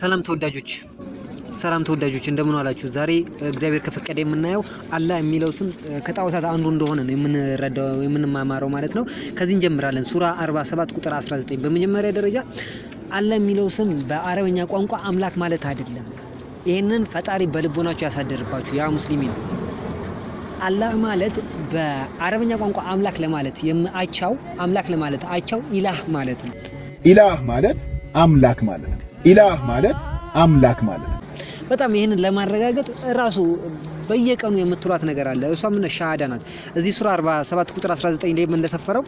ሰላም ተወዳጆች ሰላም ተወዳጆች እንደምን አላችሁ? ዛሬ እግዚአብሔር ከፈቀደ የምናየው አላህ የሚለው ስም ከጣዖታት አንዱ እንደሆነ ነው የምንረዳው የምንማማረው ማለት ነው። ከዚህ እንጀምራለን። ሱራ 47 ቁጥር 19 በመጀመሪያ ደረጃ አላህ የሚለው ስም በአረበኛ ቋንቋ አምላክ ማለት አይደለም። ይህንን ፈጣሪ በልቦናችሁ ያሳደርባችሁ ያ ሙስሊሚን። አላህ ማለት በአረበኛ ቋንቋ አምላክ ለማለት አቻው አምላክ ለማለት አቻው ኢላህ ማለት ነው። ኢላህ ማለት አምላክ ማለት ነው። ኢላህ ማለት አምላክ ማለት ነው። በጣም ይህንን ለማረጋገጥ ራሱ በየቀኑ የምትሏት ነገር አለ። እሷ ምን ሻሃዳ ናት። እዚህ ሱራ 47 ቁጥር 19 ላይ እንደሰፈረው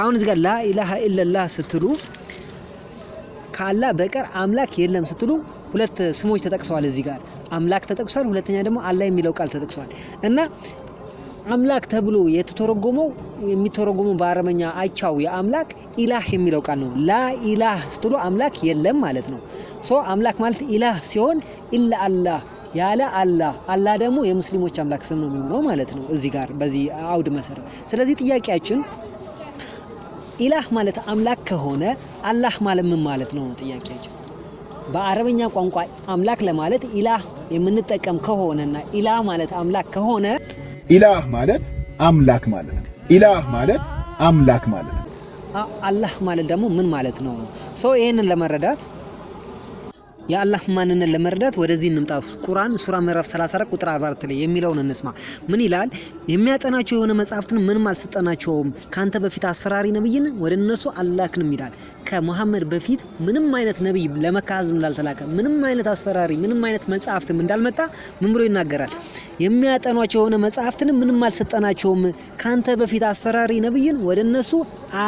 አሁን እዚህ ጋር ላኢላሃ ኢለላህ ስትሉ ካላ በቀር አምላክ የለም ስትሉ ሁለት ስሞች ተጠቅሰዋል። እዚህ ጋር አምላክ ተጠቅሷል። ሁለተኛ ደግሞ አላህ የሚለው ቃል ተጠቅሷል እና አምላክ ተብሎ የተተረጎመው የሚተረጎመው በአረበኛ አቻው የአምላክ ኢላህ የሚለው ቃል ነው። ላ ኢላህ ስትሉ አምላክ የለም ማለት ነው። ሶ አምላክ ማለት ኢላህ ሲሆን ኢላ አላህ ያለ አላህ አላህ ደግሞ የሙስሊሞች አምላክ ስም ነው የሚሆነው ማለት ነው። እዚህ ጋር በዚህ አውድ መሰረት ስለዚህ ጥያቄያችን ኢላህ ማለት አምላክ ከሆነ አላህ ማለት ምን ማለት ነው? ጥያቄያችን በአረበኛ ቋንቋ አምላክ ለማለት ኢላህ የምንጠቀም ከሆነና ኢላህ ማለት አምላክ ከሆነ ኢላህ ማለት አምላክ ማለት ነው። ኢላህ ማለት አምላክ ማለት ነው። አላህ ማለት ደግሞ ምን ማለት ነው? ሰው ይህንን ለመረዳት የአላህ ማንነት ለመረዳት ወደዚህ እንምጣ። ቁርአን ሱራ ምዕራፍ 34 ቁጥር 44 ላይ የሚለውን እንስማ። ምን ይላል? የሚያጠናቸው የሆነ መጽሐፍትን ምንም አልሰጠናቸውም፣ ካንተ በፊት አስፈራሪ ነብይን ወደ እነሱ አልላክንም ይላል። ከሙሐመድ በፊት ምንም አይነት ነብይ ለመካ ህዝብ እንዳልተላከ፣ ምንም አይነት አስፈራሪ፣ ምንም አይነት መጽሐፍትም እንዳልመጣ ምን ብሎ ይናገራል? የሚያጠኗቸው የሆነ መጽሐፍትን ምንም አልሰጠናቸውም፣ ካንተ በፊት አስፈራሪ ነብይን ወደ እነሱ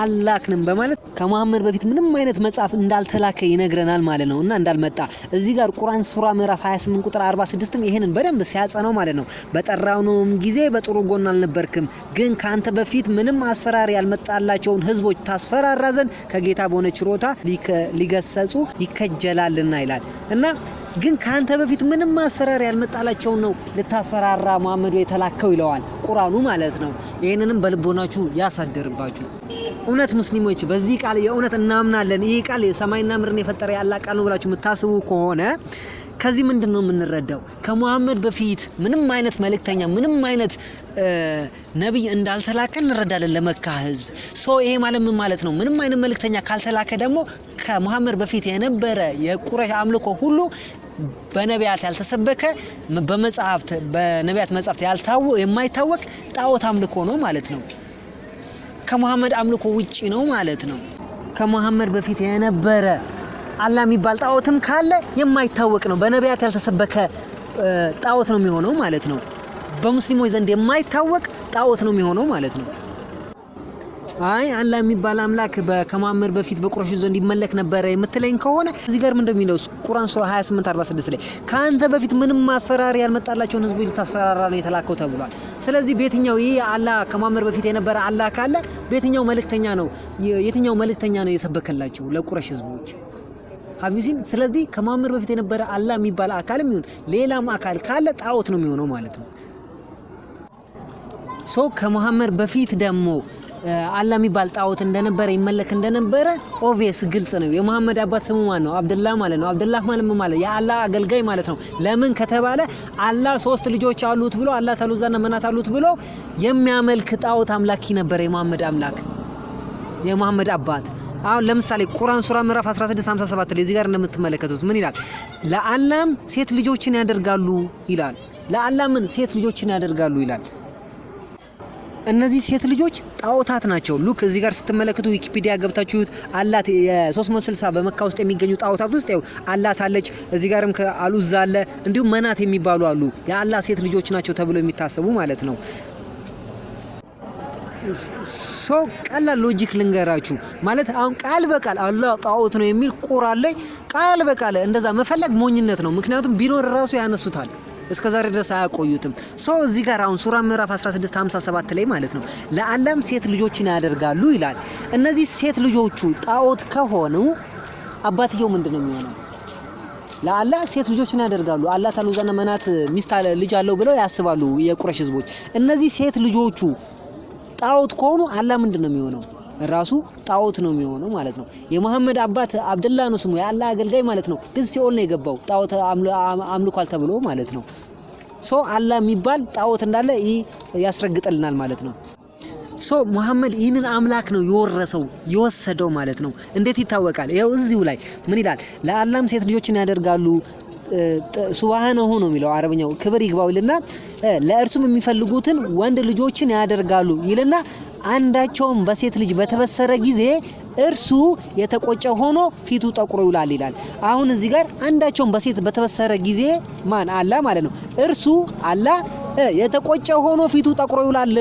አልላክንም በማለት ከሙሐመድ በፊት ምንም አይነት መጽሐፍ እንዳልተላከ ይነግረናል ማለት ነው እና እንዳልመጣ እዚህ ጋር ቁርአን ሱራ ምዕራፍ 28 ቁጥር 46ም ይሄንን በደንብ ሲያጸነው ማለት ነው። በጠራውንም ጊዜ በጥሩ ጎን አልነበርክም፣ ግን ካንተ በፊት ምንም አስፈራሪ ያልመጣላቸውን ህዝቦች ታስፈራራ ዘንድ ከጌታ በሆነ ችሮታ ሊገሰጹ ይከጀላልና ይላል እና ግን ከአንተ በፊት ምንም ማስፈራሪያ ያልመጣላቸውን ነው ልታስፈራራ መሐመድ የተላከው ይለዋል ቁራኑ ማለት ነው። ይህንንም በልቦናችሁ ያሳድርባችሁ። እውነት ሙስሊሞች በዚህ ቃል የእውነት እናምናለን፣ ይህ ቃል ሰማይና ምድርን የፈጠረ ያላ ቃል ነው ብላችሁ የምታስቡ ከሆነ ከዚህ ምንድን ነው የምንረዳው? ከሙሐመድ በፊት ምንም አይነት መልእክተኛ ምንም አይነት ነቢይ እንዳልተላከ እንረዳለን ለመካ ህዝብ። ሶ ይሄ ማለት ምን ማለት ነው? ምንም አይነት መልእክተኛ ካልተላከ ደግሞ ከሙሐመድ በፊት የነበረ የቁረሽ አምልኮ ሁሉ በነቢያት ያልተሰበከ በመጽሐፍት በነቢያት መጽሐፍት ያልታወ የማይታወቅ ጣዖት አምልኮ ነው ማለት ነው። ከመሐመድ አምልኮ ውጪ ነው ማለት ነው። ከመሐመድ በፊት የነበረ አላ የሚባል ጣዖትም ካለ የማይታወቅ ነው። በነቢያት ያልተሰበከ ጣዖት ነው የሚሆነው ማለት ነው። በሙስሊሞች ዘንድ የማይታወቅ ጣዖት ነው የሚሆነው ማለት ነው። አይ አላህ የሚባል አምላክ ከመሐመድ በፊት በቁረሾች ዘንድ ይመለክ ነበረ የምትለኝ ከሆነ እዚህ ጋር ምን እንደሚለው ቁራን ሱራ 28 46 ላይ ከአንተ በፊት ምንም ማስፈራሪ ያልመጣላቸውን ህዝቦች ልታስፈራራ ነው የተላከው ተብሏል። ስለዚህ በየትኛው ይህ አላህ ከማምር በፊት የነበረ አላህ ካለ በየትኛው መልእክተኛ ነው የትኛው መልእክተኛ ነው የሰበከላቸው ለቁረሽ ህዝቦች ሀፊዚን ስለዚህ ከማምር በፊት የነበረ አላ የሚባል አካል ይሁን ሌላም አካል ካለ ጣዖት ነው የሚሆነው ማለት ነው። ሶ ከመሐመድ በፊት ደግሞ አላ የሚባል ጣዖት እንደነበረ ይመለክ እንደነበረ ኦቪየስ ግልጽ ነው። የመሐመድ አባት ስሙ ማን ነው? አብደላ ማለት ነው። አብደላ ማለት ማለት የአላ አገልጋይ ማለት ነው። ለምን ከተባለ አላ ሶስት ልጆች አሉት ብሎ አላ ተሉዛና መናት አሉት ብሎ የሚያመልክ ጣዖት አምላኪ ነበረ የመሐመድ አምላክ የመሐመድ አባት አሁን ለምሳሌ ቁርአን ሱራ ምዕራፍ 1657 ላይ እዚህ ጋር እንደምትመለከቱት ምን ይላል? ለአላም ሴት ልጆችን ያደርጋሉ ይላል። ለአላምን ሴት ልጆችን ያደርጋሉ ይላል። እነዚህ ሴት ልጆች ጣዖታት ናቸው። ሉክ እዚህ ጋር ስትመለከቱ ዊኪፒዲያ ገብታችሁት አላት የ360 በመካ ውስጥ የሚገኙ ጣዖታት ውስጥ ያው አላት አለች። እዚህ ጋርም ከአሉዛ አለ፣ እንዲሁም መናት የሚባሉ አሉ። የአላት ሴት ልጆች ናቸው ተብሎ የሚታሰቡ ማለት ነው። ሰው ቀላል ሎጂክ ልንገራችሁ ማለት አሁን ቃል በቃል አላ ጣዖት ነው የሚል ቁራን ላይ ቃል በቃል እንደዛ መፈለግ ሞኝነት ነው። ምክንያቱም ቢኖር ራሱ ያነሱታል። እስከ ዛሬ ድረስ አያቆዩትም። ሶ እዚህ ጋር አሁን ሱራ ምዕራፍ 16 57 ላይ ማለት ነው ለአላም ሴት ልጆችን ያደርጋሉ ይላል። እነዚህ ሴት ልጆቹ ጣዖት ከሆኑ አባትየው ምንድን ነው የሚሆነው? ለአላህ ሴት ልጆችን ያደርጋሉ። አላህ ታሉዛና መናት ሚስት ልጅ አለው ብለው ያስባሉ የቁረሽ ህዝቦች። እነዚህ ሴት ልጆቹ ጣዖት ከሆኑ አላህ ምንድን ነው የሚሆነው? ራሱ ጣዖት ነው የሚሆነው ማለት ነው። የመሐመድ አባት አብደላ ነው ስሙ፣ የአላህ አገልጋይ ማለት ነው። ግን ሲኦል ነው የገባው ጣዖት አምልኳል ተብሎ ማለት ነው። ሶ አላ የሚባል ጣዖት እንዳለ ያስረግጠልናል ማለት ነው። ሶ መሐመድ ይህንን አምላክ ነው የወረሰው የወሰደው ማለት ነው። እንዴት ይታወቃል? ይኸው እዚሁ ላይ ምን ይላል? ለአላም ሴት ልጆችን ያደርጋሉ ሱብሃነሁ ነው የሚለው አረብኛው ክብር ይግባው ይልና ለእርሱም የሚፈልጉትን ወንድ ልጆችን ያደርጋሉ ይልና አንዳቸውም በሴት ልጅ በተበሰረ ጊዜ እርሱ የተቆጨ ሆኖ ፊቱ ጠቁሮ ይውላል ይላል። አሁን እዚህ ጋር አንዳቸውም በሴት በተበሰረ ጊዜ ማን አላ ማለት ነው። እርሱ አላ የተቆጨ ሆኖ ፊቱ ጠቁሮ ይውላል።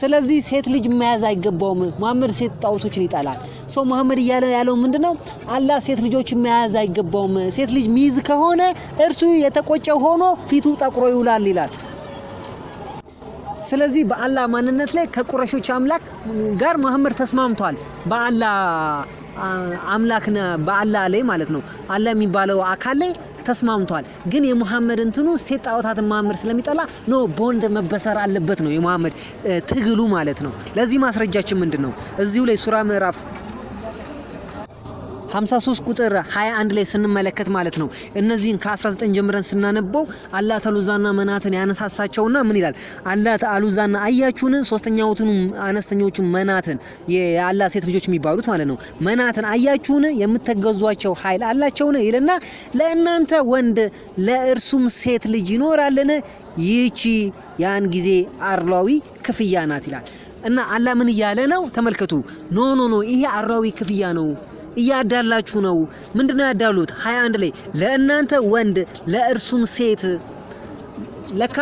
ስለዚህ ሴት ልጅ መያዝ አይገባውም። መሐመድ ሴት ጣውቶችን ይጠላል። ሶ መሐመድ እያለ ያለው ምንድነው? አላ ሴት ልጆች መያዝ አይገባውም። ሴት ልጅ ሚይዝ ከሆነ እርሱ የተቆጨ ሆኖ ፊቱ ጠቁሮ ይውላል ይላል። ስለዚህ በአላ ማንነት ላይ ከቁረሾች አምላክ ጋር መሐመድ ተስማምቷል። በአላ አምላክ በአላ ላይ ማለት ነው አላ የሚባለው አካል ላይ ተስማምቷል። ግን የሙሐመድ እንትኑ ሴት ጣዖታትን ማምር ስለሚጠላ ኖ በወንድ መበሰር አለበት ነው የሙሐመድ ትግሉ ማለት ነው። ለዚህ ማስረጃችን ምንድን ነው? እዚሁ ላይ ሱራ ምዕራፍ 53 ቁጥር 21 ላይ ስንመለከት ማለት ነው እነዚህን ከ19 ጀምረን ስናነበው አላ ተሉዛና መናትን ያነሳሳቸውና ምን ይላል? አላ ተአሉዛና አያችሁን ሶስተኛውቱን አነስተኞቹ መናትን የአላ ሴት ልጆች የሚባሉት ማለት ነው መናትን አያችሁን የምትገዟቸው ኃይል አላቸውን ይልና ለእናንተ ወንድ ለእርሱም ሴት ልጅ ይኖራልን? ይቺ ያን ጊዜ አርሏዊ ክፍያ ናት ይላል እና አላ ምን እያለ ነው? ተመልከቱ። ኖ ኖ ኖ ይሄ አርሏዊ ክፍያ ነው እያዳላችሁ ነው። ምንድነው ያዳሉት? 21 ላይ ለእናንተ ወንድ ለእርሱም ሴት። ለካ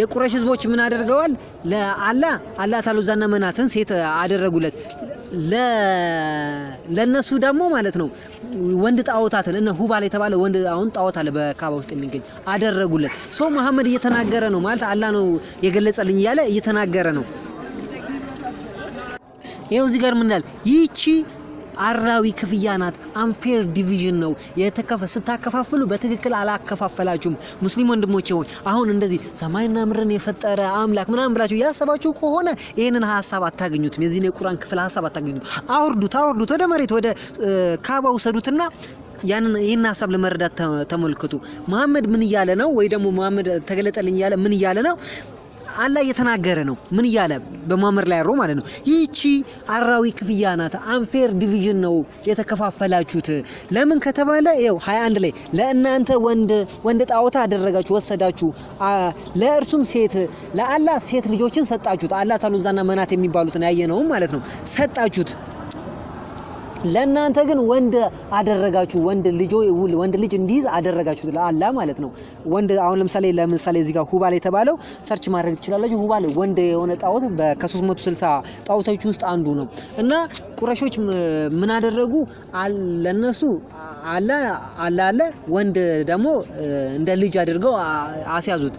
የቁረሽ ህዝቦች ምን አደርገዋል? ለአላ አላ ታሉ ታሉዛና መናትን ሴት አደረጉለት። ለነሱ ደግሞ ማለት ነው ወንድ ጣዖታትን እነ ሁባል የተባለ ወንድ አሁን ጣዖት አለ በካባ ውስጥ የሚገኝ አደረጉለት። ሶ መሐመድ እየተናገረ ነው ማለት አላ ነው የገለጸልኝ እያለ እየተናገረ ነው። ይኸው እዚህ ጋር ምን ይላል? ይቺ አራዊ ክፍያ ናት። አንፌር ዲቪዥን ነው ስታከፋፍሉ በትክክል አላከፋፈላችሁም። ሙስሊም ወንድሞች ሆይ አሁን እንደዚህ ሰማይና ምድርን የፈጠረ አምላክ ምናምን ብላችሁ ያሰባችሁ ከሆነ ይህንን ሀሳብ አታገኙትም። የዚህ የቁራን ክፍል ሀሳብ አታገኙትም። አውርዱት፣ አውርዱት ወደ መሬት ወደ ካባ ውሰዱትና ያንን ይህን ሀሳብ ለመረዳት ተመልክቱ። መሐመድ ምን እያለ ነው? ወይ ደግሞ መሐመድ ተገለጠልኝ እያለ ምን እያለ ነው? አላህ እየተናገረ ነው። ምን እያለ በማመር ላይ አሮ ማለት ነው። ይቺ አራዊ ክፍያ ናት። አንፌር ዲቪዥን ነው የተከፋፈላችሁት። ለምን ከተባለ ይኸው 21 ላይ ለእናንተ ወንድ ወንድ ጣዖት አደረጋችሁ ወሰዳችሁ፣ ለእርሱም ሴት ለአላህ ሴት ልጆችን ሰጣችሁት። አላህ ታሉዛና መናት የሚባሉትን ያየነውም ማለት ነው ሰጣችሁት ለእናንተ ግን ወንድ አደረጋችሁ። ወንድ ልጆ ወንድ ልጅ እንዲይዝ አደረጋችሁ አላ ማለት ነው። ወንድ አሁን ለምሳሌ ለምሳሌ እዚህ ጋር ሁባል የተባለው ሰርች ማድረግ ትችላላችሁ። ሁባል ወንድ የሆነ ጣዖት ከ360 ጣዖቶች ውስጥ አንዱ ነው እና ቁረሾች ምን አደረጉ ለነሱ አላ አላ አለ ወንድ ደግሞ እንደ ልጅ አድርገው አስያዙት።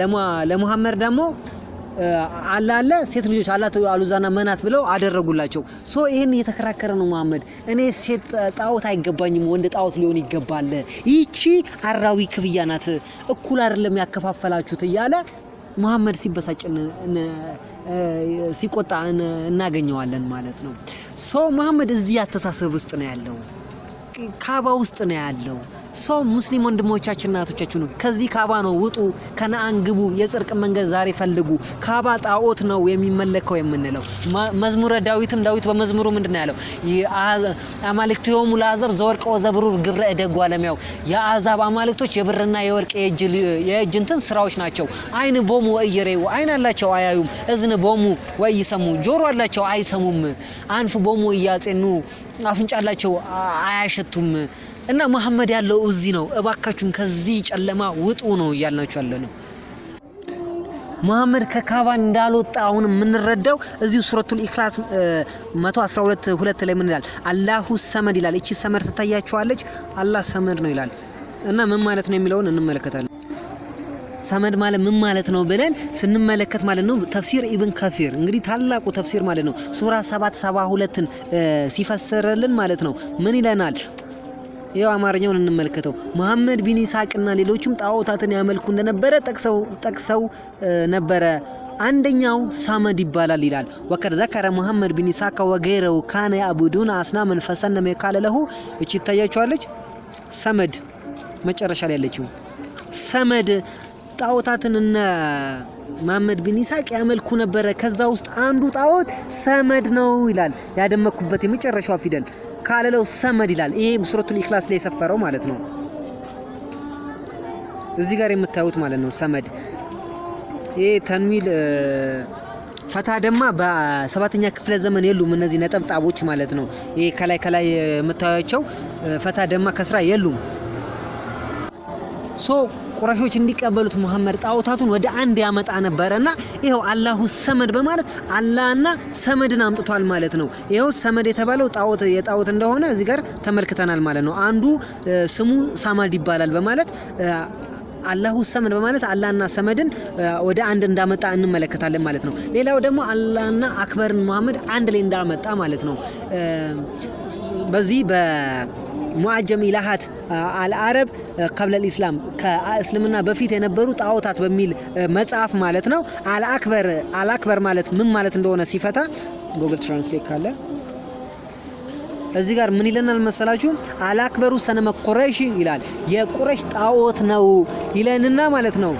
ለሙሐመድ ደግሞ አላለ ሴት ልጆች አላት አሉዛና መናት ብለው አደረጉላቸው። ሶ ይህን እየተከራከረ ነው መሀመድ። እኔ ሴት ጣዖት አይገባኝም፣ ወንድ ጣዖት ሊሆን ይገባል። ይቺ አራዊ ክፍያ ናት፣ እኩል አይደለም ያከፋፈላችሁት እያለ መሀመድ ሲበሳጭ ሲቆጣ እናገኘዋለን ማለት ነው። ሶ መሀመድ እዚህ አተሳሰብ ውስጥ ነው ያለው፣ ካባ ውስጥ ነው ያለው። ሰው ሙስሊም ወንድሞቻችንና እህቶቻችን ነው። ከዚህ ካባ ነው ውጡ፣ ከነአን ግቡ፣ የጽድቅ መንገድ ዛሬ ፈልጉ። ካባ ጣዖት ነው የሚመለከው የምንለው መዝሙረ ዳዊትም ዳዊት በመዝሙሩ ምንድን ያለው አማልክትሆሙ ለአዛብ ዘወርቀ ወዘብሩር ግብረ እደጉ አለሚያው የአሕዛብ አማልክቶች የብርና የወርቅ የእጅ እንትን ስራዎች ናቸው። አይን ቦሙ ወእየሬው አይን አላቸው አያዩም። እዝን ቦሙ ወይሰሙ ጆሮ አላቸው አይሰሙም። አንፍ ቦሙ እያጼኑ አፍንጫ አላቸው አያሸቱም። እና መሐመድ ያለው እዚህ ነው። እባካችሁን ከዚህ ጨለማ ውጡ ነው እያልናችሁ ያለ ነው። መሐመድ ከካባ እንዳልወጣ አሁን የምንረዳው እዚሁ ሱረቱል ኢክላስ 112 ሁለት ላይ ምን ይላል? አላሁ ሰመድ ይላል። እቺ ሰመድ ትታያችኋለች። አላህ ሰመድ ነው ይላል እና ምን ማለት ነው የሚለውን እንመለከታለን። ሰመድ ማለት ምን ማለት ነው ብለን ስንመለከት ማለት ነው ተፍሲር ኢብን ከፊር እንግዲህ ታላቁ ተፍሲር ማለት ነው ሱራ 772 ን ሲፈስርልን ማለት ነው ምን ይለናል? ይኸው አማርኛውን እንመልከተው። መሐመድ ቢን ኢስሐቅና ሌሎችም ጣዖታትን ያመልኩ እንደነበረ ጠቅሰው ጠቅሰው ነበረ። አንደኛው ሳመድ ይባላል ይላል። ወቀድ ዘከረ መሐመድ ቢን ኢስሐቅ ወገይረው ካነ ያዕቡዱነ አስናመን ፈሰመ ለሁ። እቺ ይታያችኋለች። ሰመድ መጨረሻ ላይ ያለችው ሰመድ ጣዖታትን እነ መሐመድ ቢን ኢስሐቅ ያመልኩ ነበረ። ከዛ ውስጥ አንዱ ጣዖት ሰመድ ነው ይላል። ያደመኩበት የመጨረሻው ፊደል ካለለው ሰመድ ይላል። ይሄ ሱረቱል ኢክላስ ላይ የሰፈረው ማለት ነው። እዚህ ጋር የምታዩት ማለት ነው ሰመድ። ይሄ ተንዊል ፈታ ደማ በሰባተኛ ክፍለ ዘመን የሉም እነዚህ ነጠብጣቦች ማለት ነው። ይሄ ከላይ ከላይ የምታዩቸው ፈታ ደማ ከስራ የሉም ሶ ቁረሾች እንዲቀበሉት መሐመድ ጣዖታቱን ወደ አንድ ያመጣ ነበረና ይኸው አላሁ ሰመድ በማለት አላህና ሰመድን አምጥቷል ማለት ነው። ይኸው ሰመድ የተባለው ጣዖት የጣዖት እንደሆነ እዚህ ጋር ተመልክተናል ማለት ነው። አንዱ ስሙ ሳማድ ይባላል በማለት አላሁ ሰመድ በማለት አላህና ሰመድን ወደ አንድ እንዳመጣ እንመለከታለን ማለት ነው። ሌላው ደግሞ አላህና አክበርን መሐመድ አንድ ላይ እንዳመጣ ማለት ነው በዚህ በ ሙዓጀም ኢላሃት አልአረብ ቀብለ ኢስላም ከእስልምና በፊት የነበሩ ጣዖታት በሚል መጽሐፍ ማለት ነው። አልአክበር አልአክበር ማለት ምን ማለት እንደሆነ ሲፈታ ጎግል ትራንስሌት ካለ እዚህ ጋር ምን ይለናል መሰላችሁ? አልአክበሩ ሰነመ ቁረይሽ ይላል። የቁረሽ ጣዖት ነው ይለንና ማለት ነው።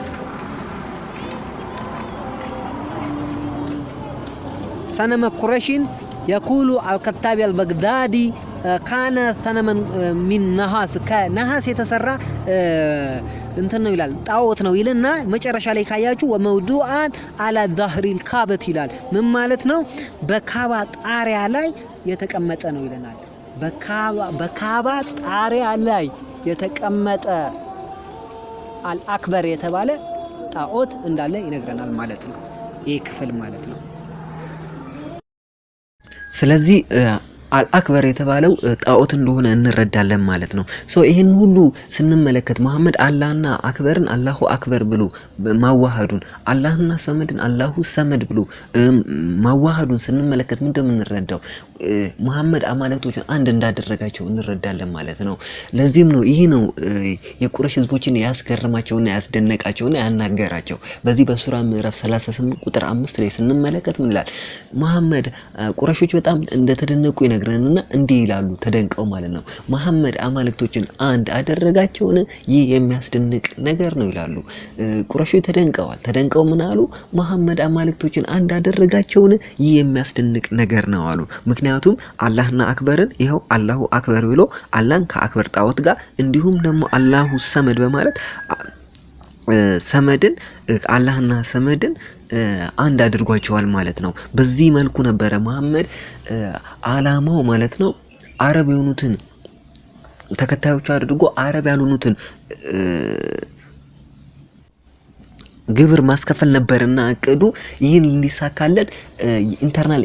ሰነመ ቁረሽን የኩሉ አልከታቢ አልበግዳዲ ካነ ሰነመን ሚን ነሐስ ከነሐስ የተሰራ እንትን ነው ይላል፣ ጣዖት ነው ይልና መጨረሻ ላይ ካያችሁ ወመውዱአን አላ ዛህሪል ካበት ይላል። ምን ማለት ነው? በካባ ጣሪያ ላይ የተቀመጠ ነው ይለናል። በካባ ጣሪያ ላይ የተቀመጠ አልአክበር የተባለ ጣዖት እንዳለ ይነግረናል ማለት ነው። ይህ ክፍል ማለት ነው። ስለዚህ አልአክበር የተባለው ጣዖት እንደሆነ እንረዳለን ማለት ነው። ሶ ይህን ሁሉ ስንመለከት መሐመድ አላህና አክበርን አላሁ አክበር ብሎ ማዋሃዱን አላህና ሰመድን አላሁ ሰመድ ብሎ ማዋሃዱን ስንመለከት ምን እንደምንረዳው መሐመድ አማልክቶችን አንድ እንዳደረጋቸው እንረዳለን ማለት ነው። ለዚህም ነው ይህ ነው የቁረሽ ህዝቦችን ያስገርማቸውና ያስደነቃቸውና ያናገራቸው። በዚህ በሱራ ምዕራፍ 38 ቁጥር አምስት ላይ ስንመለከት ምን ይላል መሐመድ ቁረሾች በጣም እንደተደነቁ ይነግራል ይነግረንና እንዲህ ይላሉ ተደንቀው ማለት ነው። መሐመድ አማልክቶችን አንድ አደረጋቸውን? ይህ የሚያስደንቅ ነገር ነው ይላሉ። ቁረሾ ተደንቀዋል። ተደንቀው ምን አሉ? መሐመድ አማልክቶችን አንድ አደረጋቸውን? ይህ የሚያስደንቅ ነገር ነው አሉ። ምክንያቱም አላህና አክበርን ይኸው አላሁ አክበር ብሎ አላህን ከአክበር ጣዖት ጋር እንዲሁም ደግሞ አላሁ ሰመድ በማለት ሰመድን አላህና ሰመድን አንድ አድርጓቸዋል ማለት ነው። በዚህ መልኩ ነበረ መሐመድ አላማው ማለት ነው አረብ የሆኑትን ተከታዮቹ አድርጎ አረብ ያልሆኑትን ግብር ማስከፈል ነበርና እቅዱ ይህን እንዲሳካለት ኢንተርናል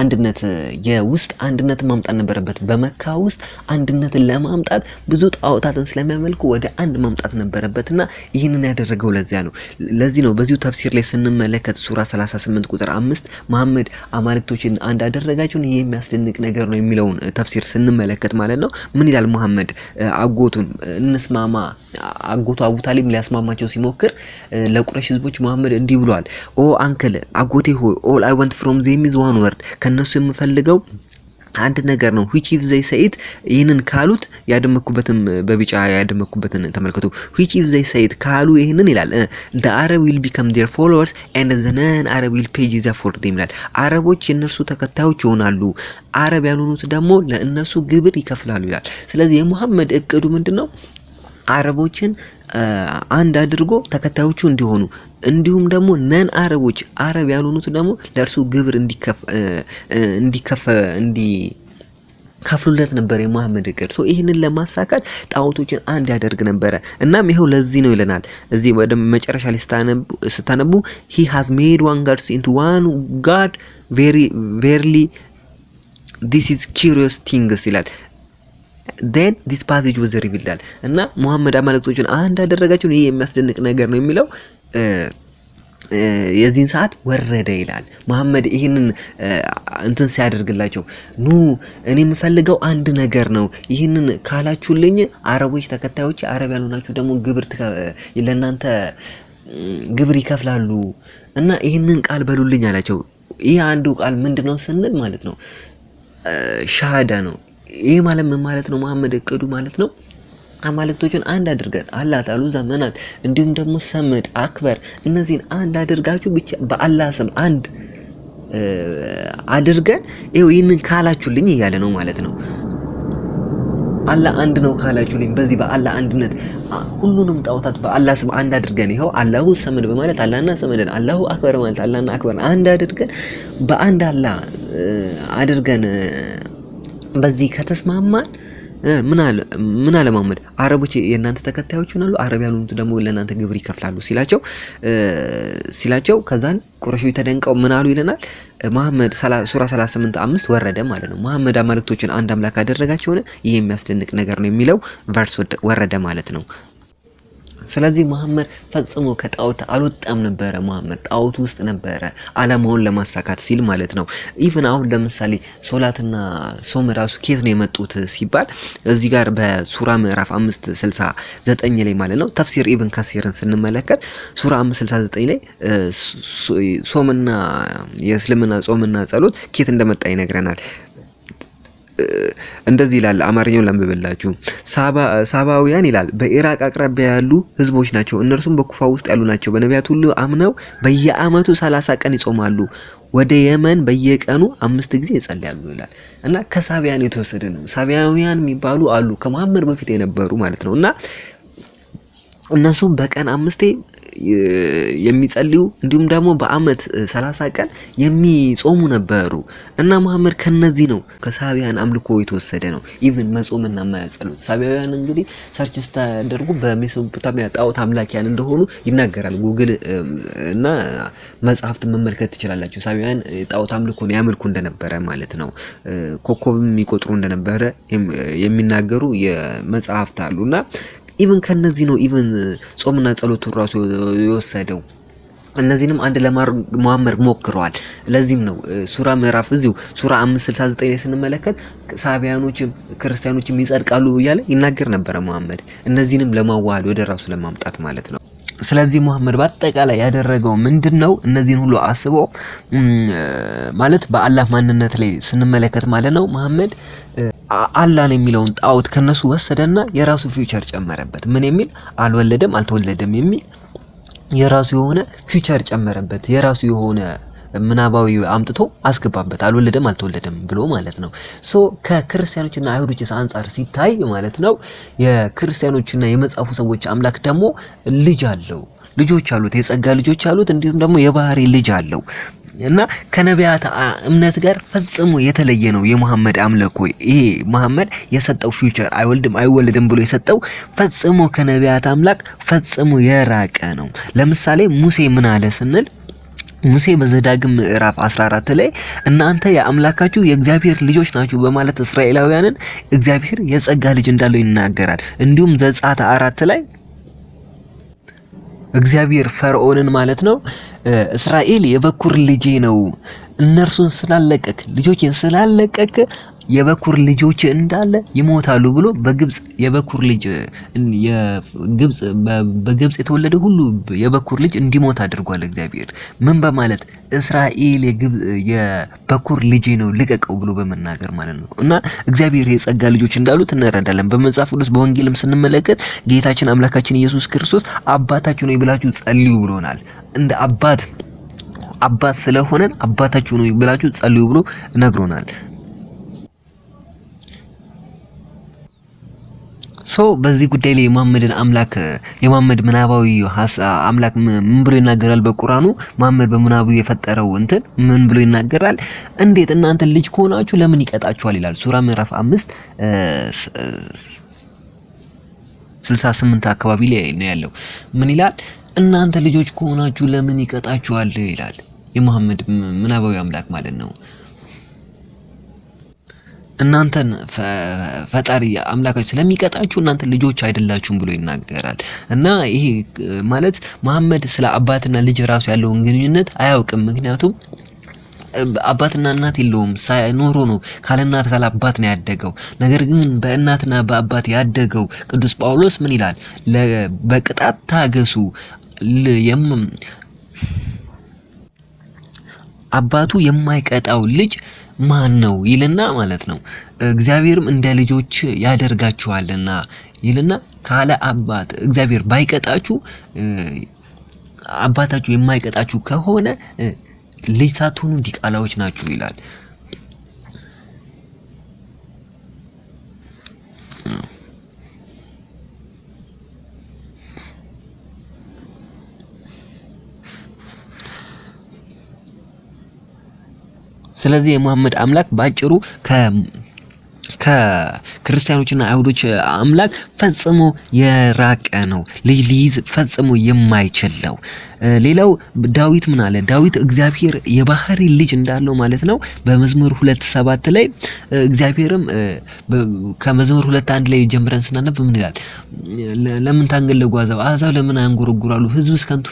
አንድነት የውስጥ አንድነት ማምጣት ነበረበት። በመካ ውስጥ አንድነትን ለማምጣት ብዙ ጣዖታትን ስለሚያመልኩ ወደ አንድ ማምጣት ነበረበትና ይህንን ያደረገው ለዚያ ነው። ለዚህ ነው በዚሁ ተፍሲር ላይ ስንመለከት ሱራ 38 ቁጥር አምስት መሐመድ አማልክቶችን አንድ አደረጋቸውን ይህ የሚያስደንቅ ነገር ነው የሚለውን ተፍሲር ስንመለከት ማለት ነው። ምን ይላል መሐመድ አጎቱን እንስማማ አጎቱ አቡ ታሊብ ሊያስማማቸው ሲሞክር ለቁረሽ ህዝቦች መሐመድ እንዲህ ብሏል። ኦ አንክል አጎቴ ሆይ ኦል አይ ወንት ፍሮም ዜም ኢዝ ዋን ወርድ ከነሱ የምፈልገው አንድ ነገር ነው። which if they say it ይህንን ካሉት ያደመኩበትም በቢጫ ያደመኩበትን ተመልከቱ። which if they say it ካሉ ይህንን ይላል the arab will become their followers and the non arab will pay jizya for them ይላል። አረቦች የእነርሱ ተከታዮች ይሆናሉ፣ አረብ ያልሆኑት ደግሞ ለእነሱ ግብር ይከፍላሉ ይላል። ስለዚህ የሙሐመድ እቅዱ ምንድነው? አረቦችን አንድ አድርጎ ተከታዮቹ እንዲሆኑ እንዲሁም ደግሞ ነን አረቦች አረብ ያልሆኑት ደግሞ ለእርሱ ግብር እንዲከፈ እንዲ ከፍሉለት ነበር የመሐመድ እቅድ። ሶ ይህንን ለማሳካት ጣዖቶችን አንድ ያደርግ ነበረ። እናም ይኸው ለዚህ ነው ይለናል እዚህ ወደ መጨረሻ ላይ ስታነቡ ሂ ሃዝ ሜድ ዋን ጋድስ ኢንቱ ዋን ጋድ ቬሪ ቬርሊ ዲስ ኢዝ ኪሪዮስ ቲንግስ ይላል። ዴን ዲስ ፓሴጅ ወዝ ሪቪልድ እና ሙሐመድ አማልክቶቹን አንድ አደረጋቸው። ይሄ የሚያስደንቅ ነገር ነው የሚለው የዚህን ሰዓት ወረደ ይላል መሐመድ። ይህንን እንትን ሲያደርግላቸው ኑ እኔ የምፈልገው አንድ ነገር ነው። ይህንን ካላችሁልኝ አረቦች ተከታዮች፣ አረብ ያልሆናችሁ ደግሞ ግብር ለእናንተ ግብር ይከፍላሉ እና ይህንን ቃል በሉልኝ አላቸው። ይህ አንዱ ቃል ምንድን ነው ስንል ማለት ነው ሻሃዳ ነው። ይህ ማለት ምን ማለት ነው? መሐመድ እቅዱ ማለት ነው አማልክቶቹን አንድ አድርገን አላት አሉ ዘመናት እንዲሁም ደግሞ ሰምድ አክበር እነዚህን አንድ አድርጋችሁ ብቻ በአላስም ስም አንድ አድርገን ይኸው ይህንን ካላችሁልኝ እያለ ነው ማለት ነው። አላህ አንድ ነው ካላችሁልኝ በዚህ በአላህ አንድነት ሁሉንም ጣዖታት በአላህ ስም አንድ አድርገን ይኸው አላሁ ሰምድ በማለት አላህና ሰምድን አላሁ አክበር በማለት አላህና አክበር አንድ አድርገን በአንድ አላህ አድርገን በዚህ ከተስማማን ምን አለማመድ አረቦች የእናንተ ተከታዮች ይሆናሉ፣ አረብ ያልሆኑት ደግሞ ለእናንተ ግብር ይከፍላሉ ሲላቸው ሲላቸው ከዛን ቁረሾች ተደንቀው ምን አሉ ይለናል። መሐመድ ሱራ 38 አምስት ወረደ ማለት ነው። መሐመድ አማልክቶችን አንድ አምላክ አደረጋቸው ሆነ ይህ የሚያስደንቅ ነገር ነው የሚለው ቨርስ ወረደ ማለት ነው። ስለዚህ መሐመድ ፈጽሞ ከጣዖት አልወጣም ነበረ። መሐመድ ጣዖት ውስጥ ነበረ፣ አላማውን ለማሳካት ሲል ማለት ነው። ኢቭን አሁን ለምሳሌ ሶላትና ሶም ራሱ ኬት ነው የመጡት ሲባል እዚህ ጋር በሱራ ምዕራፍ 569 ላይ ማለት ነው ተፍሲር ኢብን ካሲርን ስንመለከት ሱራ 569 ላይ ሶምና የእስልምና ጾምና ጸሎት ኬት እንደመጣ ይነግረናል። እንደዚህ ይላል። አማርኛውን ላንብብላችሁ። ሳባውያን ይላል በኢራቅ አቅራቢያ ያሉ ህዝቦች ናቸው። እነርሱም በኩፋ ውስጥ ያሉ ናቸው። በነቢያት ሁሉ አምነው በየአመቱ ሰላሳ ቀን ይጾማሉ። ወደ የመን በየቀኑ አምስት ጊዜ ይጸልያሉ ይላል እና ከሳቢያን የተወሰደ ነው። ሳቢያውያን የሚባሉ አሉ ከመሐመድ በፊት የነበሩ ማለት ነው እና እነሱ በቀን አምስቴ የሚጸልዩ እንዲሁም ደግሞ በአመት ሰላሳ ቀን የሚጾሙ ነበሩ። እና መሀመድ ከነዚህ ነው ከሳቢያን አምልኮ የተወሰደ ነው። ኢቭን መጾምና ማያጸሉት ሳቢያውያን እንግዲህ ሰርች ስታደርጉ በሜሶፖታሚያ ጣዖት አምላኪያን እንደሆኑ ይናገራል። ጉግል እና መጽሐፍትን መመልከት ትችላላችሁ። ሳቢያውያን ጣዖት አምልኮን ያመልኩ እንደነበረ ማለት ነው። ኮከብም የሚቆጥሩ እንደነበረ የሚናገሩ የመጽሐፍት አሉና። ኢቭን ከነዚህ ነው ኢቭን ጾምና ጸሎቱ ራሱ የወሰደው። እነዚህንም አንድ ለማመር ሞክረዋል። ለዚህም ነው ሱራ ምዕራፍ እዚሁ ሱራ 569 ላይ ስንመለከት ሳቢያኖችም ክርስቲያኖችም ይጸድቃሉ እያለ ይናገር ነበረ መሐመድ፣ እነዚህንም ለማዋሃድ ወደ ራሱ ለማምጣት ማለት ነው። ስለዚህ መሐመድ በአጠቃላይ ያደረገው ምንድን ነው? እነዚህን ሁሉ አስቦ ማለት በአላህ ማንነት ላይ ስንመለከት ማለት ነው መሐመድ አላን የሚለውን ጣዖት ከነሱ ወሰደና የራሱ ፊውቸር ጨመረበት። ምን የሚል አልወለደም አልተወለደም የሚል የራሱ የሆነ ፊውቸር ጨመረበት። የራሱ የሆነ ምናባዊ አምጥቶ አስገባበት። አልወለደም አልተወለደም ብሎ ማለት ነው። ሶ ከክርስቲያኖችና አይሁዶች አንጻር ሲታይ ማለት ነው የክርስቲያኖችና የመጽሐፉ ሰዎች አምላክ ደግሞ ልጅ አለው ልጆች አሉት፣ የጸጋ ልጆች አሉት፣ እንዲሁም ደግሞ የባህሪ ልጅ አለው። እና ከነቢያት እምነት ጋር ፈጽሞ የተለየ ነው የሙሐመድ አምልኮ። ይሄ ሙሐመድ የሰጠው ፊውቸር አይወልድም አይወልድም ብሎ የሰጠው ፈጽሞ ከነቢያት አምላክ ፈጽሞ የራቀ ነው። ለምሳሌ ሙሴ ምን አለ ስንል ሙሴ በዘዳግም ምዕራፍ 14 ላይ እናንተ የአምላካችሁ የእግዚአብሔር ልጆች ናችሁ በማለት እስራኤላውያንን እግዚአብሔር የጸጋ ልጅ እንዳለው ይናገራል። እንዲሁም ዘጸአት አራት ላይ እግዚአብሔር ፈርዖንን ማለት ነው እስራኤል የበኩር ልጄ ነው እነርሱን ስላለቀክ ልጆችን ስላለቀክ የበኩር ልጆች እንዳለ ይሞታሉ ብሎ በግብጽ የበኩር ልጅ የግብጽ በግብጽ የተወለደ ሁሉ የበኩር ልጅ እንዲሞት አድርጓል። እግዚአብሔር ምን በማለት እስራኤል የግብጽ የበኩር ልጅ ነው ልቀቀው ብሎ በመናገር ማለት ነው። እና እግዚአብሔር የጸጋ ልጆች እንዳሉት እንረዳለን። በመጽሐፍ ቅዱስ በወንጌልም ስንመለከት ጌታችን አምላካችን ኢየሱስ ክርስቶስ አባታችን ነው ብላችሁ ጸልዩ ብሎናል። እንደ አባት አባት ስለሆነን አባታችሁ ነው ብላችሁ ጸልዩ ብሎ ነግሮናል። ሶ በዚህ ጉዳይ ላይ የመሐመድን አምላክ የመሐመድ ምናባዊ አምላክ ምን ብሎ ይናገራል? በቁርአኑ መሐመድ በምናቡ የፈጠረው እንትን ምን ብሎ ይናገራል? እንዴት እናንተ ልጅ ከሆናችሁ ለምን ይቀጣችኋል? ይላል ሱራ ምዕራፍ 5 68 አካባቢ ላይ ነው ያለው። ምን ይላል? እናንተ ልጆች ከሆናችሁ ለምን ይቀጣችኋል? ይላል የመሐመድ ምናባዊ አምላክ ማለት ነው። እናንተን ፈጣሪ አምላካችሁ ስለሚቀጣችሁ እናንተ ልጆች አይደላችሁም ብሎ ይናገራል። እና ይሄ ማለት መሐመድ ስለ አባትና ልጅ ራሱ ያለውን ግንኙነት አያውቅም። ምክንያቱም አባትና እናት የለውም ሳይኖሮ ነው ካለ እናት ካለ አባት ነው ያደገው። ነገር ግን በእናትና በአባት ያደገው ቅዱስ ጳውሎስ ምን ይላል? በቅጣት ታገሱ አባቱ የማይቀጣው ልጅ ማን ነው ይልና ማለት ነው። እግዚአብሔርም እንደ ልጆች ያደርጋችኋልና ይልና ካለ አባት እግዚአብሔር ባይቀጣችሁ አባታችሁ የማይቀጣችሁ ከሆነ ልጅ ሳትሆኑ ዲቃላዎች ናችሁ ይላል። ስለዚህ የሙሐመድ አምላክ ባጭሩ ከክርስቲያኖችና አይሁዶች አምላክ ፈጽሞ የራቀ ነው፣ ልጅ ሊይዝ ፈጽሞ የማይችል ነው። ሌላው ዳዊት ምን አለ? ዳዊት እግዚአብሔር የባህሪ ልጅ እንዳለው ማለት ነው። በመዝሙር ሁለት ሰባት ላይ እግዚአብሔርም ከመዝሙር ሁለት አንድ ላይ ጀምረን ስናነብ ምን ይላል? ለምን ታንገለው ጓዛው አዛው ለምን አንጎረጉራሉ? ህዝብ እስከንቱ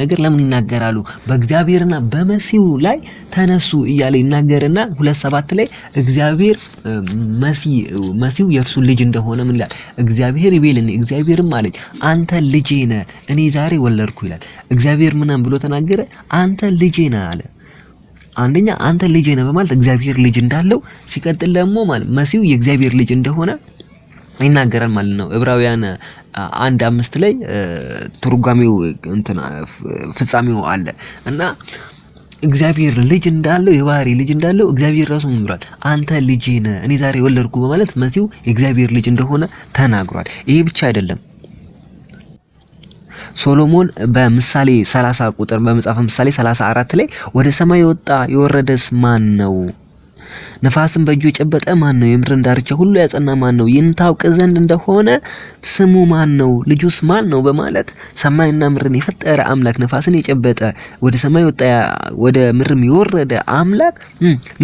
ነገር ለምን ይናገራሉ? በእግዚአብሔርና በመሲሁ ላይ ተነሱ እያለ ይናገርና ሁለት ሰባት ላይ እግዚአብሔር መሲ መሲው የእርሱ ልጅ እንደሆነ ምን ይላል? እግዚአብሔር ይቤልን እግዚአብሔርም አለች አንተ ልጄ ነህ እኔ ዛሬ ወለድኩ ይላል። እግዚአብሔር ምናምን ብሎ ተናገረ፣ አንተ ልጄ ነህ አለ። አንደኛ አንተ ልጄ ነህ በማለት እግዚአብሔር ልጅ እንዳለው፣ ሲቀጥል ደግሞ ማለት መሲው የእግዚአብሔር ልጅ እንደሆነ ይናገራል ማለት ነው። ዕብራውያን አንድ አምስት ላይ ትርጓሜው እንትና ፍጻሜው አለ እና እግዚአብሔር ልጅ እንዳለው የባህሪ ልጅ እንዳለው እግዚአብሔር ራሱ ምን ብሏል? አንተ ልጅ ነህ እኔ ዛሬ ወለድኩ በማለት መሲሁ የእግዚአብሔር ልጅ እንደሆነ ተናግሯል። ይሄ ብቻ አይደለም። ሶሎሞን በምሳሌ 30 ቁጥር በመጽሐፈ ምሳሌ 34 ላይ ወደ ሰማይ የወጣ የወረደስ ማን ነው ነፋስን በእጁ የጨበጠ ማን ነው? የምድርን ዳርቻ ሁሉ ያጸና ማን ነው? ይህን ታውቅ ዘንድ እንደሆነ ስሙ ማን ነው? ልጁስ ማን ነው? በማለት ሰማይና ምድርን የፈጠረ አምላክ፣ ነፋስን የጨበጠ ወደ ሰማይ ወጣ ወደ ምድርም የወረደ አምላክ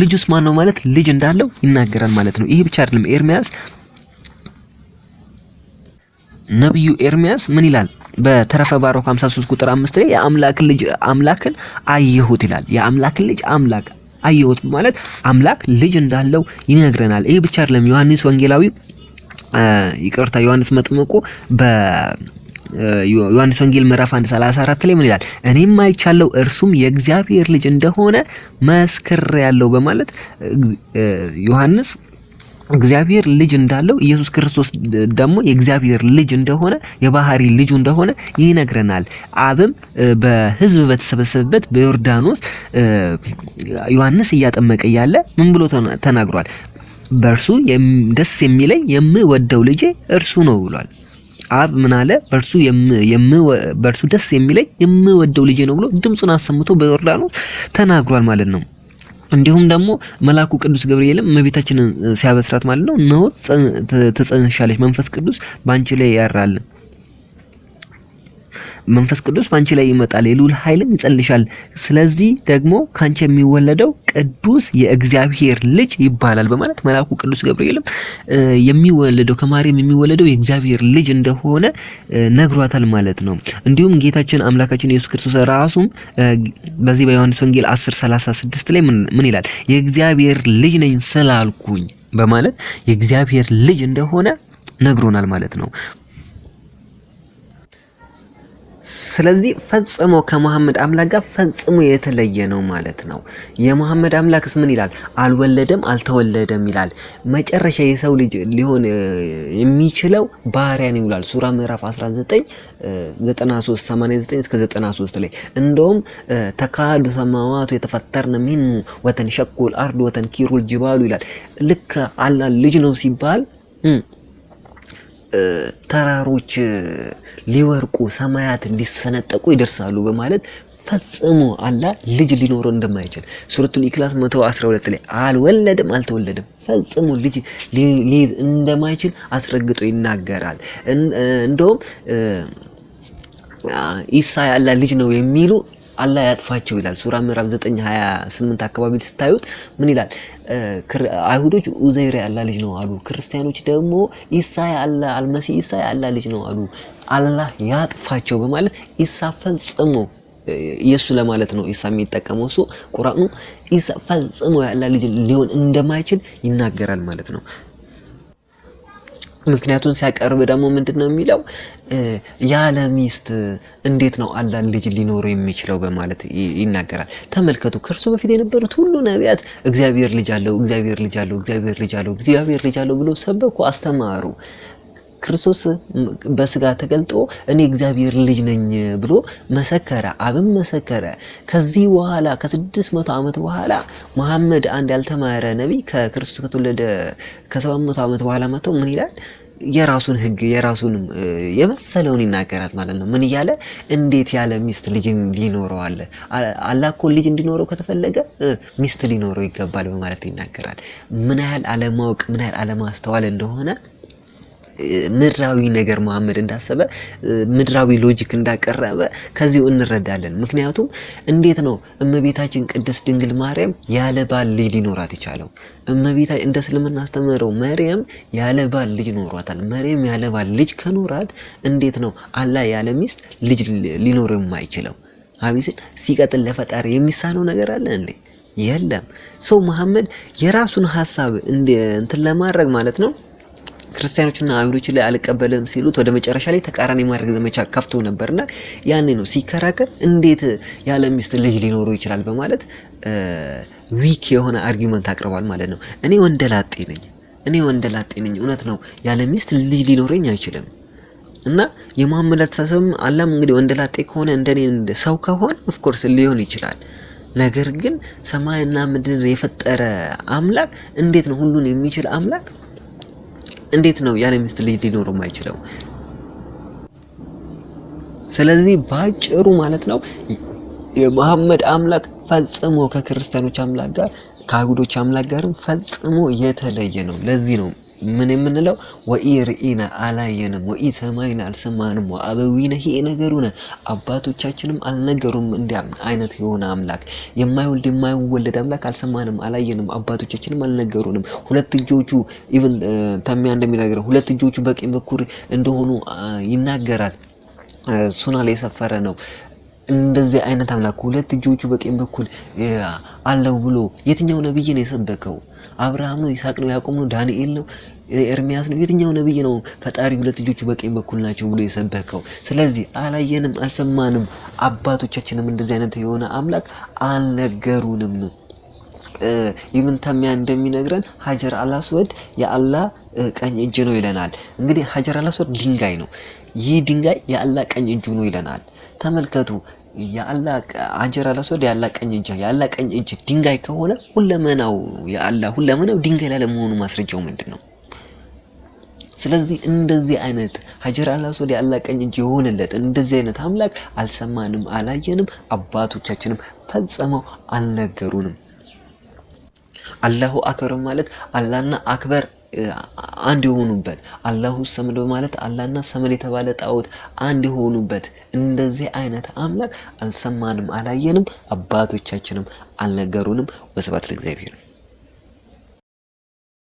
ልጁስ ማን ነው ማለት ልጅ እንዳለው ይናገራል ማለት ነው። ይሄ ብቻ አይደለም። ኤርሚያስ ነቢዩ ኤርሚያስ ምን ይላል? በተረፈ ባሮክ 53 ቁጥር 5 ላይ የአምላክን ልጅ አምላክን አየሁት ይላል። የአምላክን ልጅ አምላክ አየሁት ማለት አምላክ ልጅ እንዳለው ይነግረናል። ይህ ብቻ አይደለም። ዮሐንስ ወንጌላዊ ይቅርታ፣ ዮሐንስ መጥምቁ በ ዮሐንስ ወንጌል ምዕራፍ 1 34 ላይ ምን ይላል? እኔም አይቻለው እርሱም የእግዚአብሔር ልጅ እንደሆነ ያለው በማለት ዮሐንስ እግዚአብሔር ልጅ እንዳለው ኢየሱስ ክርስቶስ ደግሞ የእግዚአብሔር ልጅ እንደሆነ የባህሪ ልጁ እንደሆነ ይነግረናል። አብም በህዝብ በተሰበሰበበት በዮርዳኖስ ዮሐንስ እያጠመቀ እያለ ምን ብሎ ተናግሯል? በእርሱ ደስ የሚለኝ የምወደው ልጄ እርሱ ነው ብሏል። አብ ምን አለ? በእርሱ በእርሱ ደስ የሚለኝ የምወደው ልጄ ነው ብሎ ድምፁን አሰምቶ በዮርዳኖስ ተናግሯል ማለት ነው። እንዲሁም ደግሞ መልአኩ ቅዱስ ገብርኤልም እመቤታችንን ሲያበስራት ማለት ነው፣ ነው ትጸንሻለች መንፈስ ቅዱስ በአንቺ ላይ ያራል መንፈስ ቅዱስ ባንቺ ላይ ይመጣል፣ የልዑል ኃይልም ይጸልሻል። ስለዚህ ደግሞ ካንቺ የሚወለደው ቅዱስ የእግዚአብሔር ልጅ ይባላል በማለት መልአኩ ቅዱስ ገብርኤልም የሚወለደው ከማርያም የሚወለደው የእግዚአብሔር ልጅ እንደሆነ ነግሯታል ማለት ነው። እንዲሁም ጌታችን አምላካችን ኢየሱስ ክርስቶስ ራሱም በዚህ በዮሐንስ ወንጌል 10:36 ላይ ምን ይላል? የእግዚአብሔር ልጅ ነኝ ስላልኩኝ በማለት የእግዚአብሔር ልጅ እንደሆነ ነግሮናል ማለት ነው። ስለዚህ ፈጽሞ ከመሐመድ አምላክ ጋር ፈጽሞ የተለየ ነው ማለት ነው። የመሐመድ አምላክስ ምን ይላል? አልወለደም አልተወለደም ይላል። መጨረሻ የሰው ልጅ ሊሆን የሚችለው ባሪያ ነው ይላል። ሱራ ምዕራፍ 19 93 89 እስከ 93 ላይ እንደውም ተካዱ ሰማዋቱ የተፈተርነ ሚኑ ወተንሸቁል አርድ ወተንኪሩል ጅባሉ ይላል። ልክ አላ ልጅ ነው ሲባል ተራሮች ሊወርቁ ሰማያት ሊሰነጠቁ ይደርሳሉ በማለት ፈጽሞ አላህ ልጅ ሊኖረው እንደማይችል ሱረቱል ኢክላስ 112 ላይ አልወለድም አልተወለደም ፈጽሞ ልጅ ሊይዝ እንደማይችል አስረግጦ ይናገራል። እንደውም ኢሳ ያላ ልጅ ነው የሚሉ አላህ ያጥፋቸው ይላል። ሱራ ምዕራፍ 9 28 አካባቢ ስታዩት ምን ይላል? አይሁዶች ኡዘይር ያላ ልጅ ነው አሉ። ክርስቲያኖች ደግሞ ኢሳ ያለ አልመሲ ኢሳ ያላ ልጅ ነው አሉ። አላህ ያጥፋቸው በማለት ኢሳ ፈጽሞ ኢየሱስ ለማለት ነው ኢሳ የሚጠቀመው እሱ ቁርአኑ ኢሳ ፈጽሞ ያላ ልጅ ሊሆን እንደማይችል ይናገራል ማለት ነው። ምክንያቱን ሲያቀርብ ደግሞ ምንድን ነው የሚለው ያለ ሚስት እንዴት ነው አላህ ልጅ ሊኖረው የሚችለው በማለት ይናገራል። ተመልከቱ፣ ከእርሱ በፊት የነበሩት ሁሉ ነቢያት እግዚአብሔር ልጅ አለው፣ እግዚአብሔር ልጅ አለው፣ እግዚአብሔር ልጅ አለው፣ እግዚአብሔር ልጅ አለው ብሎ ሰበኩ፣ አስተማሩ። ክርስቶስ በስጋ ተገልጦ እኔ እግዚአብሔር ልጅ ነኝ ብሎ መሰከረ፣ አብም መሰከረ። ከዚህ በኋላ ከ600 ዓመት በኋላ መሐመድ አንድ ያልተማረ ነቢይ ከክርስቶስ ከተወለደ ከ መቶ ዓመት በኋላ መጥቶ ምን ይላል? የራሱን ህግ የራሱን የመሰለውን ይናገራል ማለት ነው። ምን እያለ እንዴት ያለ ሚስት ልጅ ሊኖረዋል? አላህ እኮ ልጅ እንዲኖረው ከተፈለገ ሚስት ሊኖረው ይገባል በማለት ይናገራል። ምን ያህል አለማወቅ ምን ያህል አለማስተዋል እንደሆነ ምድራዊ ነገር መሐመድ እንዳሰበ ምድራዊ ሎጂክ እንዳቀረበ ከዚሁ እንረዳለን። ምክንያቱም እንዴት ነው እመቤታችን ቅድስት ድንግል ማርያም ያለ ባል ልጅ ሊኖራት የቻለው? እመቤታ እንደ እስልምና አስተምህረው መርያም ያለ ባል ልጅ ኖሯታል። መርያም ያለ ባል ልጅ ከኖራት እንዴት ነው አላህ ያለ ሚስት ልጅ ሊኖር የማይችለው? አቢስን ሲቀጥል ለፈጣሪ የሚሳነው ነገር አለ እንዴ? የለም። ሰው መሐመድ የራሱን ሀሳብ እንትን ለማድረግ ማለት ነው ክርስቲያኖችና አይሁዶች ላይ አልቀበልም ሲሉት ወደ መጨረሻ ላይ ተቃራኒ ማድረግ ዘመቻ ከፍቶ ነበርና ያኔ ነው ሲከራከር እንዴት ያለ ሚስት ልጅ ሊኖረው ይችላል በማለት ዊክ የሆነ አርጊመንት አቅርቧል ማለት ነው። እኔ ወንደላጤ ነኝ፣ እኔ ወንደላጤ ነኝ፣ እውነት ነው ያለ ሚስት ልጅ ሊኖረኝ አይችልም። እና የመሐመድ አስተሳሰብም አላም እንግዲህ ወንደላጤ ከሆነ እንደኔ ሰው ከሆነ ኦፍኮርስ ሊሆን ይችላል። ነገር ግን ሰማይና ምድር የፈጠረ አምላክ እንዴት ነው ሁሉን የሚችል አምላክ እንዴት ነው ያለ ሚስት ልጅ ሊኖር የማይችለው ስለዚህ ባጭሩ ማለት ነው የመሐመድ አምላክ ፈጽሞ ከክርስቲያኖች አምላክ ጋር ከአይሁዶች አምላክ ጋርም ፈጽሞ የተለየ ነው። ለዚህ ነው ምን የምንለው ወኢ ርኢና አላየንም፣ ወኢ ሰማይን አልሰማንም፣ ወአበዊነ ሂ ነገሩነ አባቶቻችንም አልነገሩም። እንዲያም አይነት የሆነ አምላክ የማይወልድ የማይወለድ አምላክ አልሰማንም፣ አላየንም፣ አባቶቻችንም አልነገሩንም። ሁለት እጆቹ ኢቭን ተሚያ እንደሚናገረው ሁለት እጆቹ በቀኝ በኩል እንደሆኑ ይናገራል። ሱና ላይ የሰፈረ ነው። እንደዚህ አይነት አምላክ ሁለት እጆቹ በቀኝ በኩል አለው ብሎ የትኛው ነብይ ነው የሰበከው? አብርሃም ነው? ይስሐቅ ነው? ያዕቆብ ነው? ዳንኤል ነው? ኤርሚያስ ነው? የትኛው ነብይ ነው ፈጣሪ ሁለት ልጆቹ በቀኝ በኩል ናቸው ብሎ የሰበከው? ስለዚህ አላየንም፣ አልሰማንም፣ አባቶቻችንም እንደዚህ አይነት የሆነ አምላክ አልነገሩንም። ኢብን ተሚያ እንደሚነግረን ሀጀር አላስወድ የአላህ ቀኝ እጅ ነው ይለናል። እንግዲህ ሀጀር አላስወድ ድንጋይ ነው። ይህ ድንጋይ የአላህ ቀኝ እጁ ነው ይለናል። ተመልከቱ የአላህ ሀጀር አላስወድ የአላህ ቀኝ እጅ የአላህ ቀኝ እጅ ድንጋይ ከሆነ ሁለመናው የአላህ ሁለመናው ድንጋይ ላይ ለመሆኑ ማስረጃው ምንድን ነው? ስለዚህ እንደዚህ አይነት ሀጀር አላስወድ የአላህ ቀኝ እጅ የሆነለት እንደዚህ አይነት አምላክ አልሰማንም፣ አላየንም፣ አባቶቻችንም ፈጽመው አልነገሩንም። አላሁ አክበር ማለት አላህና አክበር አንድ የሆኑበት አላሁ ሰመድ ማለት አላህና ሰመድ የተባለ ጣዖት አንድ የሆኑበት እንደዚህ አይነት አምላክ አልሰማንም፣ አላየንም፣ አባቶቻችንም አልነገሩንም። ወስብሐት ለእግዚአብሔር።